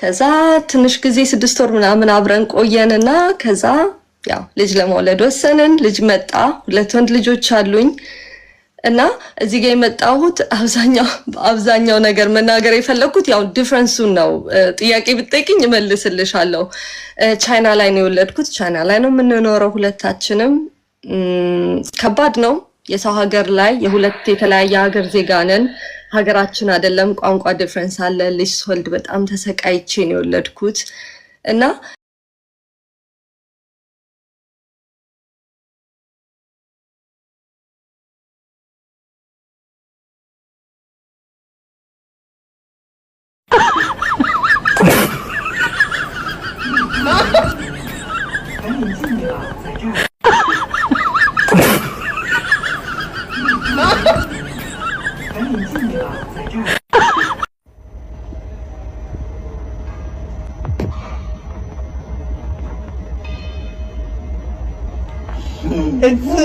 ከዛ ትንሽ ጊዜ ስድስት ወር ምናምን አብረን ቆየንና ከዛ ያው ልጅ ለመውለድ ወሰንን። ልጅ መጣ። ሁለት ወንድ ልጆች አሉኝ እና እዚህ ጋር የመጣሁት አብዛኛው አብዛኛው ነገር መናገር የፈለግኩት ያው ዲፍረንሱን ነው። ጥያቄ ብጠይቅኝ እመልስልሻለሁ። ቻይና ላይ ነው የወለድኩት። ቻይና ላይ ነው የምንኖረው ሁለታችንም። ከባድ ነው። የሰው ሀገር ላይ የሁለት የተለያየ ሀገር ዜጋ ነን። ሀገራችን አይደለም ቋንቋ ዲፍረንስ አለ። ልጅ ስወልድ በጣም ተሰቃይቼ ነው የወለድኩት እና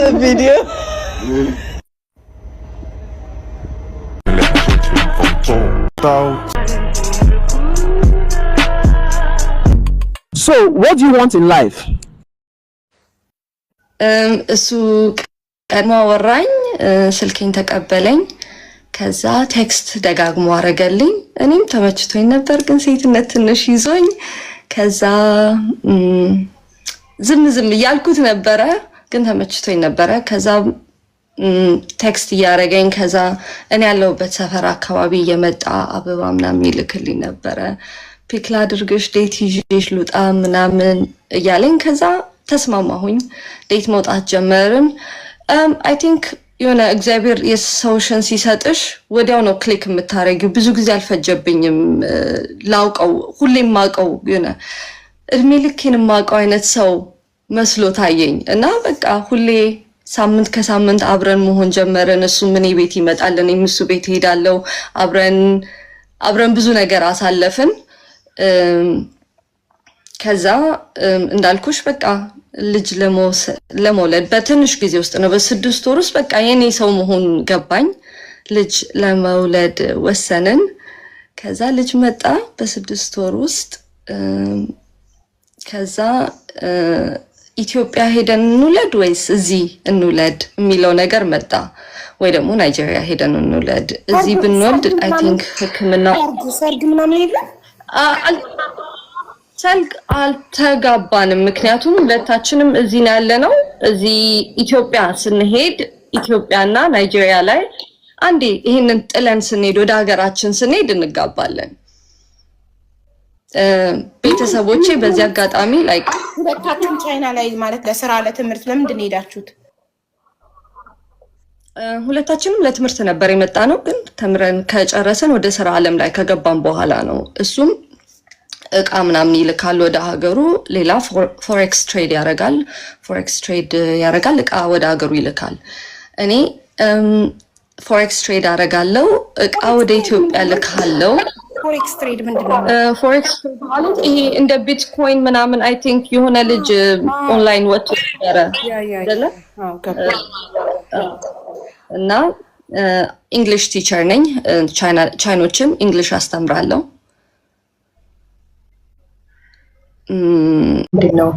video. So, what do you want in life? Um, እሱ ቀድሞ አወራኝ፣ ስልኬን ተቀበለኝ። ከዛ ቴክስት ደጋግሞ አረገልኝ። እኔም ተመችቶኝ ነበር፣ ግን ሴትነት ትንሽ ይዞኝ ከዛ ዝም ዝም እያልኩት ነበረ። ግን ተመችቶኝ ነበረ። ከዛ ቴክስት እያደረገኝ ከዛ እኔ ያለሁበት ሰፈር አካባቢ እየመጣ አበባ ምናምን ይልክልኝ ነበረ። ፒክል ላድርግሽ፣ ዴት ይዤሽ ልውጣ ምናምን እያለኝ ከዛ ተስማማሁኝ። ዴት መውጣት ጀመርን። አይ ቲንክ የሆነ እግዚአብሔር የሰውሽን ሲሰጥሽ ወዲያው ነው ክሊክ የምታደረጊው። ብዙ ጊዜ አልፈጀብኝም ላውቀው። ሁሌም ማውቀው የሆነ እድሜ ልኬን ማውቀው አይነት ሰው መስሎ ታየኝ እና በቃ ሁሌ ሳምንት ከሳምንት አብረን መሆን ጀመረን። እሱም እኔ ቤት ይመጣል፣ እኔም እሱ ቤት እሄዳለሁ። አብረን አብረን ብዙ ነገር አሳለፍን። ከዛ እንዳልኩሽ በቃ ልጅ ለመውለድ በትንሽ ጊዜ ውስጥ ነው፣ በስድስት ወር ውስጥ በቃ የኔ ሰው መሆን ገባኝ። ልጅ ለመውለድ ወሰንን። ከዛ ልጅ መጣ በስድስት ወር ውስጥ ከዛ ኢትዮጵያ ሄደን እንውለድ ወይስ እዚህ እንውለድ የሚለው ነገር መጣ። ወይ ደግሞ ናይጄሪያ ሄደን እንውለድ። እዚህ ብንወልድ አይ ቲንክ ሕክምና ሰርግ ምናምን ሰልግ አልተጋባንም። ምክንያቱም ሁለታችንም እዚህ ነው ያለ ነው። እዚህ ኢትዮጵያ ስንሄድ ኢትዮጵያና ናይጄሪያ ላይ አንዴ ይህንን ጥለን ስንሄድ ወደ ሀገራችን ስንሄድ እንጋባለን። ቤተሰቦቼ በዚህ አጋጣሚ ላይ ሁለታችሁም ቻይና ላይ ማለት ለስራ ለትምህርት ለምንድን ሄዳችሁት? ሁለታችንም ለትምህርት ነበር የመጣ ነው። ግን ተምረን ከጨረሰን ወደ ስራ አለም ላይ ከገባን በኋላ ነው። እሱም እቃ ምናምን ይልካል ወደ ሀገሩ። ሌላ ፎሬክስ ትሬድ ያረጋል፣ ፎሬክስ ትሬድ ያረጋል፣ እቃ ወደ ሀገሩ ይልካል። እኔ ፎሬክስ ትሬድ አረጋለው እቃ ወደ ኢትዮጵያ ልካለው ፎሬክስ ትሬድ ምንድን ነው? ፎሬክስ ትሬድ ማለት ይሄ እንደ ቢትኮይን ምናምን አይ ቲንክ የሆነ ልጅ ኦንላይን ወጥቶ ነበረ እና ኢንግሊሽ ቲቸር ነኝ። ቻይኖችም ኢንግሊሽ አስተምራለሁ። ምንድን ነው?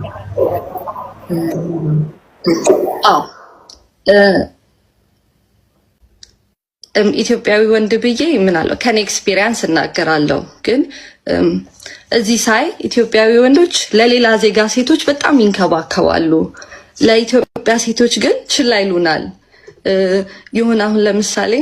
ኢትዮጵያዊ ወንድ ብዬ ምን ከኔ ኤክስፒሪያንስ እናገራለው። ግን እዚህ ሳይ ኢትዮጵያዊ ወንዶች ለሌላ ዜጋ ሴቶች በጣም ይንከባከባሉ፣ ለኢትዮጵያ ሴቶች ግን ችላ ይሉናል። ይሁን አሁን ለምሳሌ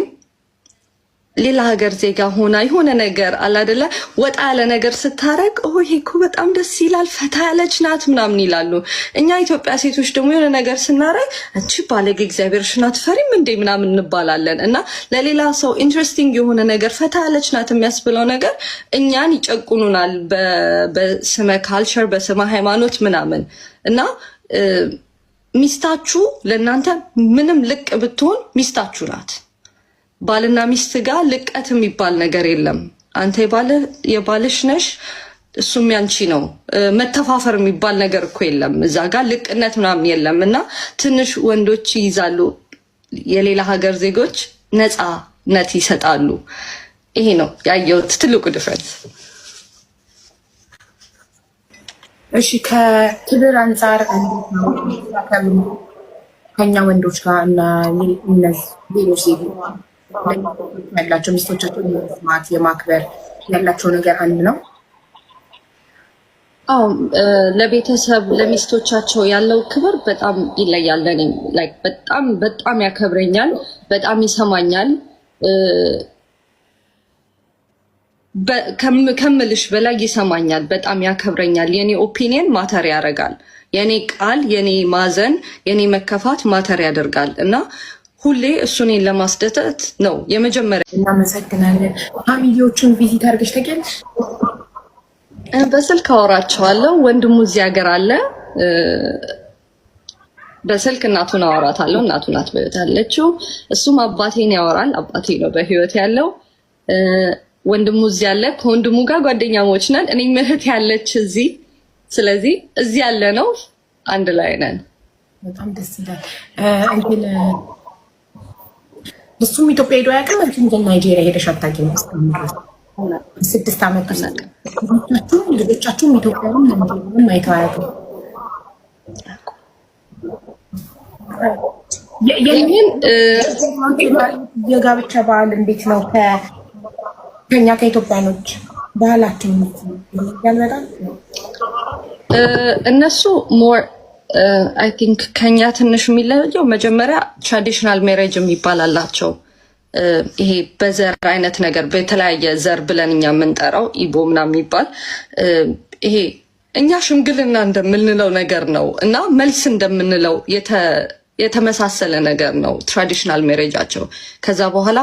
ሌላ ሀገር ዜጋ ሆና የሆነ ነገር አላደለ ወጣ ያለ ነገር ስታረቅ ይሄ እኮ በጣም ደስ ይላል፣ ፈታ ያለች ናት ምናምን ይላሉ። እኛ ኢትዮጵያ ሴቶች ደግሞ የሆነ ነገር ስናረግ አንቺ ባለጌ እግዚአብሔርሽን አትፈሪም እንዴ ምናምን እንባላለን። እና ለሌላ ሰው ኢንትረስቲንግ የሆነ ነገር ፈታ ያለች ናት የሚያስብለው ነገር እኛን ይጨቁኑናል፣ በስመ ካልቸር፣ በስመ ሃይማኖት ምናምን እና ሚስታችሁ ለእናንተ ምንም ልቅ ብትሆን ሚስታችሁ ናት። ባልና ሚስት ጋር ልቀት የሚባል ነገር የለም። አንተ የባልሽ ነሽ፣ እሱም ያንቺ ነው። መተፋፈር የሚባል ነገር እኮ የለም እዛ ጋር ልቅነት ምናምን የለም። እና ትንሽ ወንዶች ይይዛሉ፣ የሌላ ሀገር ዜጎች ነፃነት ይሰጣሉ። ይሄ ነው ያየሁት ትልቁ ድፍረት። እሺ ከክብር አንጻር ከኛ ወንዶች ጋር እና ሌሎች ዜጎች ያላቸው ሚስቶቻቸው የመስማት የማክበር ያላቸው ነገር አንድ ነው። አዎ ለቤተሰብ ለሚስቶቻቸው ያለው ክብር በጣም ይለያል። ለኔ ላይክ በጣም በጣም ያከብረኛል፣ በጣም ይሰማኛል። ከምልሽ በላይ ይሰማኛል፣ በጣም ያከብረኛል። የኔ ኦፒኒየን ማተር ያደርጋል። የኔ ቃል፣ የኔ ማዘን፣ የኔ መከፋት ማተር ያደርጋል እና ሁሌ እሱኔን ለማስደተት ነው የመጀመሪያ። እናመሰግናለን። ፋሚሊዎቹን ቪዚት አድርገሽ ታውቂያለሽ? በስልክ አወራቸዋለሁ። ወንድሙ እዚህ ሀገር አለ። በስልክ እናቱን አወራታለሁ። እናቱ ናት በህይወት ያለችው። እሱም አባቴን ያወራል። አባቴ ነው በህይወት ያለው። ወንድሙ እዚህ አለ። ከወንድሙ ጋር ጓደኛሞች ነን። እኔ እህት ያለች እዚህ። ስለዚህ እዚህ ያለ ነው አንድ ላይ ነን። በጣም ደስ ይላል። እሱም ኢትዮጵያ ሄዶ ያውቃል። አንቺም ግን ናይጄሪያ ሄደሽ አታውቂም። ስድስት ዓመት ውስጥ ልጆቻችሁም ኢትዮጵያንም ናይጄሪያንም አይተዋያቱ ይህም የጋብቻ በዓል እንዴት ነው? ከኛ ከኢትዮጵያኖች ባህላቸው ያልበጣል እነሱ ሞር አይ ቲንክ ከኛ ትንሽ የሚለየው መጀመሪያ ትራዲሽናል ሜሬጅ የሚባል አላቸው። ይሄ በዘር አይነት ነገር በተለያየ ዘር ብለን እኛ የምንጠራው ኢቦ ምናምን የሚባል ይሄ እኛ ሽምግልና እንደምንለው ነገር ነው እና መልስ እንደምንለው የተመሳሰለ ነገር ነው ትራዲሽናል ሜሬጃቸው። ከዛ በኋላ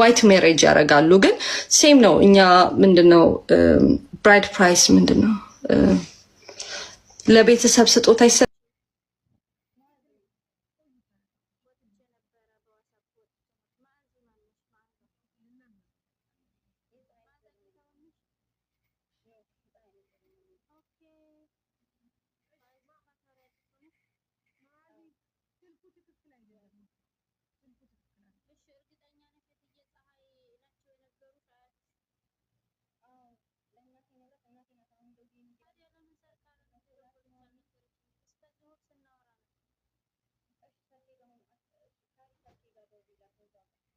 ዋይት ሜሬጅ ያደርጋሉ። ግን ሴም ነው። እኛ ምንድነው ብራይድ ፕራይስ ምንድነው ለቤተሰብ ስጦታ ትክክል አይደለም። ስልኩ ትክክል አይደለም። እሺ፣ እርግጠኛ ነሽ እትዬ ፀሐይ ናቸው የነበሩት? አያት አዎ፣ ለእናቴ ነግራት እናቴ ናት። አሁን እንደዚህ የሚል ታዲያ ለምን ሰርቃ ነው የምትደረጉት? እስከ ዝሆን ስናወራ ነው። እሺ፣ ታቴ ጋር ደውዬላት ነው እዛ ጋር